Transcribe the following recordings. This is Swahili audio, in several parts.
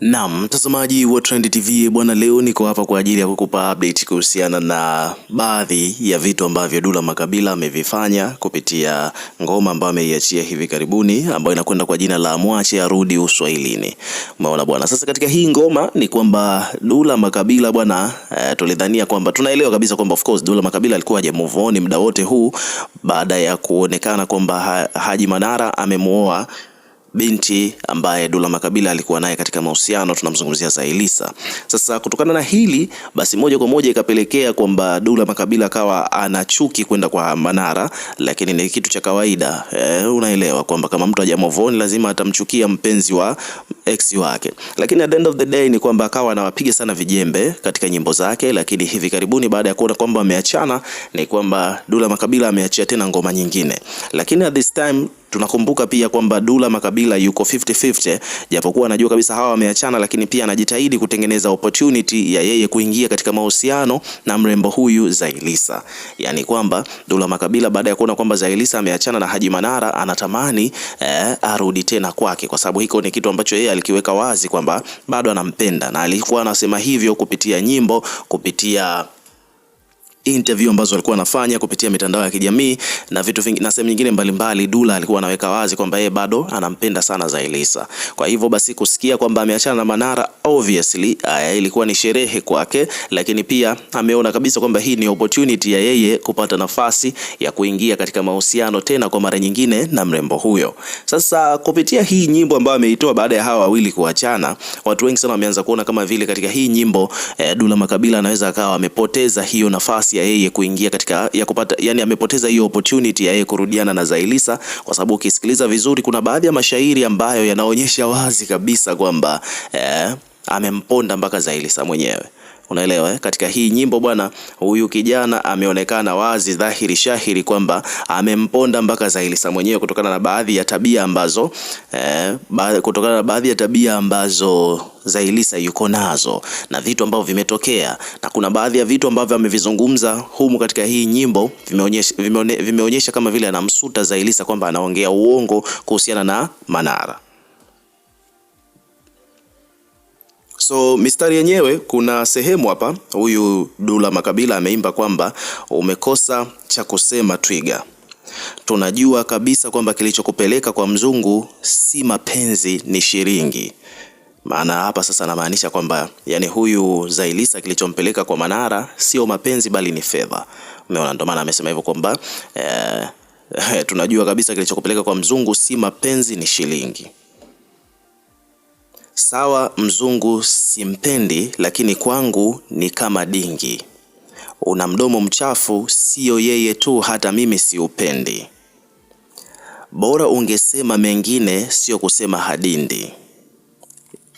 Na mtazamaji wa Trend TV bwana, leo niko hapa kwa ajili ya kukupa update kuhusiana na baadhi ya vitu ambavyo Dula Makabila amevifanya kupitia ngoma ambayo ameiachia hivi karibuni ambayo inakwenda kwa jina la mwache arudi uswahilini. Umeona bwana, sasa katika hii ngoma ni kwamba Dula Makabila bwana, eh, tulidhania kwamba tunaelewa kabisa kwamba of course Dula Makabila alikuwa haja move on muda wote huu baada ya kuonekana kwamba Haji Manara amemuoa binti ambaye Dula Makabila alikuwa naye katika mahusiano, tunamzungumzia Zailisa. Sasa kutokana na hili basi, moja kwa moja ikapelekea kwamba Dula Makabila akawa ana chuki kwenda kwa Manara, lakini ni kitu cha kawaida e, unaelewa kwamba kama mtu hajamwovoni lazima atamchukia mpenzi wa ex wake, lakini at the end of the day ni kwamba akawa anawapiga sana vijembe katika nyimbo zake, lakini hivi karibuni baada ya kuona kwamba ameachana, ni kwamba Dula Makabila ameachia tena ngoma nyingine, lakini at this time Tunakumbuka pia kwamba Dula Makabila yuko 50-50, japokuwa anajua kabisa hawa wameachana, lakini pia anajitahidi kutengeneza opportunity ya yeye kuingia katika mahusiano na mrembo huyu Zailisa. Yani kwamba Dula Makabila baada ya kuona kwamba Zailisa ameachana na Haji Manara anatamani eh, arudi tena kwake, kwa sababu hiko ni kitu ambacho yeye alikiweka wazi kwamba bado anampenda na alikuwa anasema hivyo kupitia nyimbo, kupitia interview ambazo alikuwa anafanya kupitia mitandao ya kijamii na vitu vingi na sehemu nyingine mbalimbali, Dula alikuwa anaweka wazi kwamba yeye bado anampenda sana Zailisa. Kwa hivyo basi kusikia kwamba ameachana na Manara, obviously haya ilikuwa ni sherehe kwake, lakini pia ameona kabisa kwamba hii ni opportunity ya yeye kupata nafasi ya kuingia katika mahusiano tena kwa mara nyingine na mrembo huyo. Sasa kupitia hii nyimbo ambayo ameitoa baada ya hawa wawili kuachana, watu wengi sana wameanza kuona kama vile katika hii nyimbo eh, Dula Makabila anaweza akawa amepoteza hiyo nafasi nafasi ya yeye kuingia katika ya kupata, yani amepoteza hiyo opportunity ya yeye kurudiana na Zailisa, kwa sababu ukisikiliza vizuri kuna baadhi ya mashairi ambayo yanaonyesha wazi kabisa kwamba eh, amemponda mpaka Zailisa mwenyewe. Unaelewa eh? Katika hii nyimbo bwana, huyu kijana ameonekana wazi dhahiri shahiri kwamba amemponda mpaka Zailisa mwenyewe kutokana na baadhi ya tabia ambazo eh, ba, kutokana na baadhi ya tabia ambazo Zailisa yuko nazo na vitu ambavyo vimetokea, na kuna baadhi ya vitu ambavyo amevizungumza humu katika hii nyimbo vimeonyesha, vimeone, vimeonyesha kama vile anamsuta Zailisa kwamba anaongea uongo kuhusiana na Manara. So mistari yenyewe, kuna sehemu hapa, huyu Dula Makabila ameimba kwamba umekosa cha kusema twiga, tunajua kabisa kwamba kilichokupeleka kwa mzungu si mapenzi, ni shilingi. Maana hapa sasa anamaanisha kwamba yani huyu Zailisa kilichompeleka kwa Manara sio mapenzi, bali ni fedha. Umeona, ndio maana amesema hivyo kwamba eh, tunajua kabisa kilichokupeleka kwa mzungu si mapenzi, ni shilingi. Sawa, mzungu simpendi, lakini kwangu ni kama dingi. Una mdomo mchafu, siyo yeye tu, hata mimi siupendi. Bora ungesema mengine, sio kusema hadindi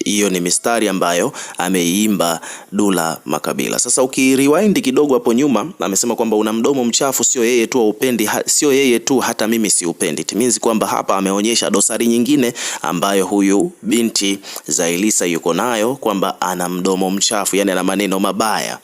hiyo ni mistari ambayo ameiimba Dula Makabila. Sasa ukirewind kidogo hapo nyuma, amesema kwamba una mdomo mchafu, sio yeye tu upendi, sio yeye tu, hata mimi siupendi. It means kwamba hapa ameonyesha dosari nyingine ambayo huyu binti Zailisa yuko nayo kwamba ana mdomo mchafu, yani ana maneno mabaya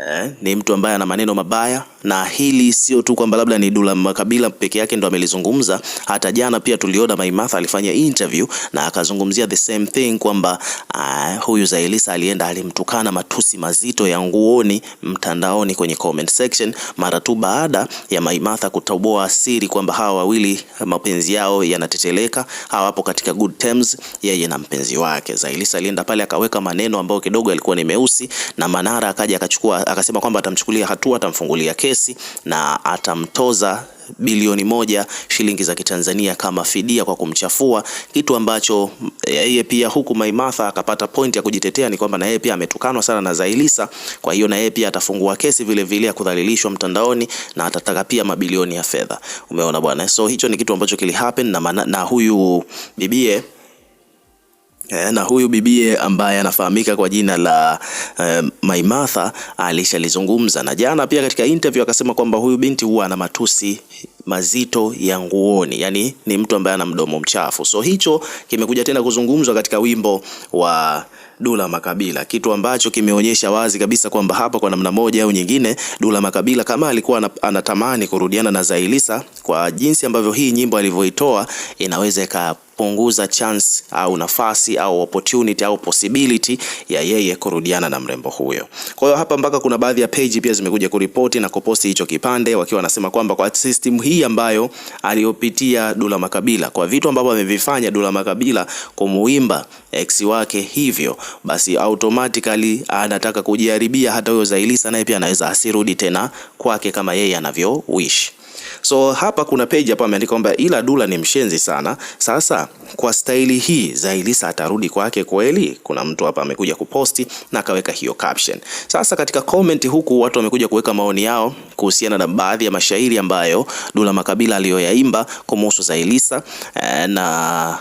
eh, ni mtu ambaye ana maneno mabaya, na hili sio tu kwamba labda ni Dula Makabila peke yake ndo amelizungumza. Hata jana pia tuliona Maimatha alifanya interview na akazungumzia the same thing kwamba uh, huyu Zailisa alienda alimtukana matusi mazito ya nguoni mtandaoni kwenye comment section mara tu baada ya Maimatha kutoboa siri kwamba hawa wawili eh, mapenzi yao yanateteleka, hawapo katika good terms, yeye na mpenzi wake. Zailisa alienda pale akaweka maneno ambayo kidogo yalikuwa ni meusi, na Manara akaja akachukua akasema kwamba atamchukulia hatua, atamfungulia kesi na atamtoza bilioni moja shilingi za Kitanzania kama fidia kwa kumchafua, kitu ambacho eh, yeye pia huku Maimatha akapata point ya kujitetea ni kwamba na yeye pia ametukanwa sana na Zailisa. Kwa hiyo na yeye pia atafungua kesi vile vile ya kudhalilishwa mtandaoni na atataka pia mabilioni ya fedha. Umeona bwana, so hicho ni kitu ambacho kili happen na, na huyu bibie Eh, na huyu bibie ambaye anafahamika kwa jina la e, eh, Maimartha alishalizungumza na jana pia katika interview akasema kwamba huyu binti huwa ana matusi mazito ya nguoni, yani ni mtu ambaye ana mdomo mchafu. So hicho kimekuja tena kuzungumzwa katika wimbo wa Dula Makabila, kitu ambacho kimeonyesha wazi kabisa kwamba hapa kwa namna moja au nyingine, Dula Makabila kama alikuwa anatamani kurudiana na Zailisa kwa jinsi ambavyo hii nyimbo alivyoitoa inaweza ikapunguza chance au nafasi au opportunity au possibility ya yeye kurudiana na mrembo huyo. Kwa hiyo hapa mpaka kuna baadhi ya page pia zimekuja kuripoti na kuposti hicho kipande wakiwa wanasema kwamba kwa system hii hii ambayo aliyopitia Dula Makabila, kwa vitu ambavyo amevifanya Dula Makabila kumuimba ex wake hivyo, basi automatically anataka kujiharibia. Hata huyo Zailisa naye pia anaweza asirudi tena kwake kama yeye anavyo wish. So hapa kuna page hapa ameandika kwamba ila Dula ni mshenzi sana. Sasa kwa staili hii Zailisa atarudi kwake kweli? Kuna mtu hapa amekuja kuposti na akaweka hiyo caption. Sasa katika comment huku watu wamekuja kuweka maoni yao kuhusiana na baadhi ya mashairi ambayo Dula Makabila aliyoyaimba kumhusu Zailisa eh, na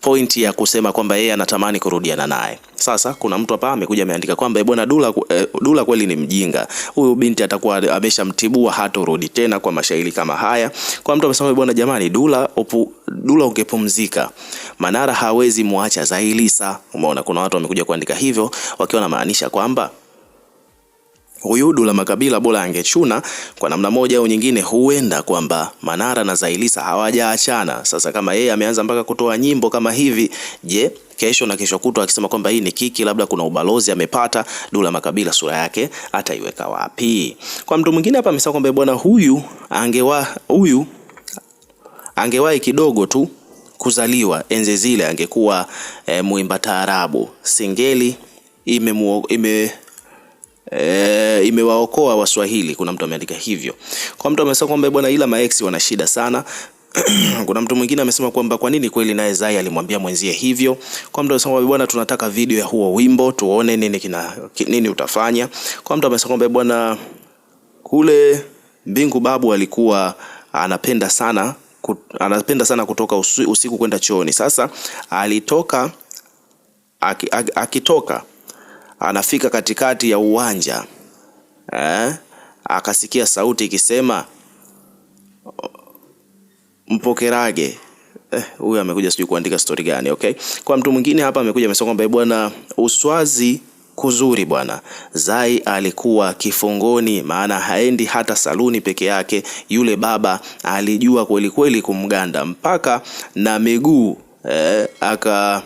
point ya kusema kwamba yeye anatamani kurudiana naye. Sasa kuna mtu hapa amekuja ameandika kwamba eh, bwana Dula, eh, Dula kweli ni mjinga huyu binti, atakuwa ameshamtibua hatorudi tena kwa mashairi kama haya. Kwa mtu amesema bwana, jamani, Dula upu, Dula ungepumzika, Manara hawezi muacha Zailisa. Umeona kuna watu wamekuja kuandika hivyo wakiwa na maanisha kwamba Huyu Dula Makabila bora angechuna kwa namna moja au nyingine, huenda kwamba Manara na Zailisa hawajaachana. Sasa kama yeye ameanza mpaka kutoa nyimbo kama hivi, je, kesho na kesho kutwa akisema kwamba hii ni kiki, labda kuna ubalozi amepata, Dula Makabila sura yake ataiweka wapi? Kwa mtu mwingine hapa amesema kwamba bwana huyu angewa huyu angewahi kidogo tu kuzaliwa enzi zile, angekuwa e, eh, muimba taarabu singeli ime, muo, ime Eh, imewaokoa Waswahili. Kuna mtu ameandika hivyo, kwa mtu amesema kwamba eh, bwana, ila maex wana shida sana kuna mtu mwingine amesema kwamba kwa nini kweli naye Zai alimwambia mwenzie hivyo. Kwa mtu amesema bwana, tunataka video ya huo wimbo tuone nini kina, nini utafanya. Kwa mtu amesema kwamba eh, bwana, kule Mbingu babu alikuwa anapenda sana kut, anapenda sana kutoka usiku kwenda chooni. Sasa alitoka akitoka aki, aki anafika katikati ya uwanja eh, akasikia sauti ikisema mpokerage eh, huyu eh, amekuja sijui kuandika stori gani. Okay, kwa mtu mwingine hapa amekuja amesema kwamba eh, bwana uswazi kuzuri bwana Zai alikuwa kifungoni, maana haendi hata saluni peke yake. Yule baba alijua kweli kweli kumganda mpaka na miguu eh, aka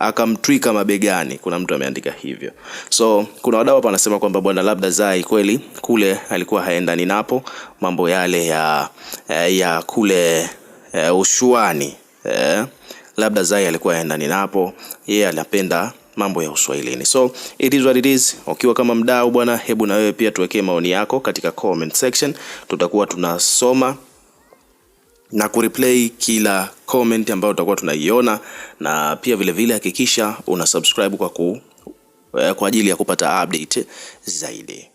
akamtwika mabegani. Kuna mtu ameandika hivyo, so kuna wadau hapa wanasema kwamba bwana, labda Zai kweli kule alikuwa haendani napo mambo yale ya eh, ya kule ya eh, ushuani eh, labda Zai alikuwa haendani napo yeye, yeah, anapenda mambo ya uswahilini. So it is what it is. Ukiwa kama mdau bwana, hebu na wewe pia tuwekee maoni yako katika comment section, tutakuwa tunasoma na kureplay kila comment ambayo tutakuwa tunaiona, na pia vilevile hakikisha una subscribe kwa ku, eh, kwa ajili ya kupata update zaidi.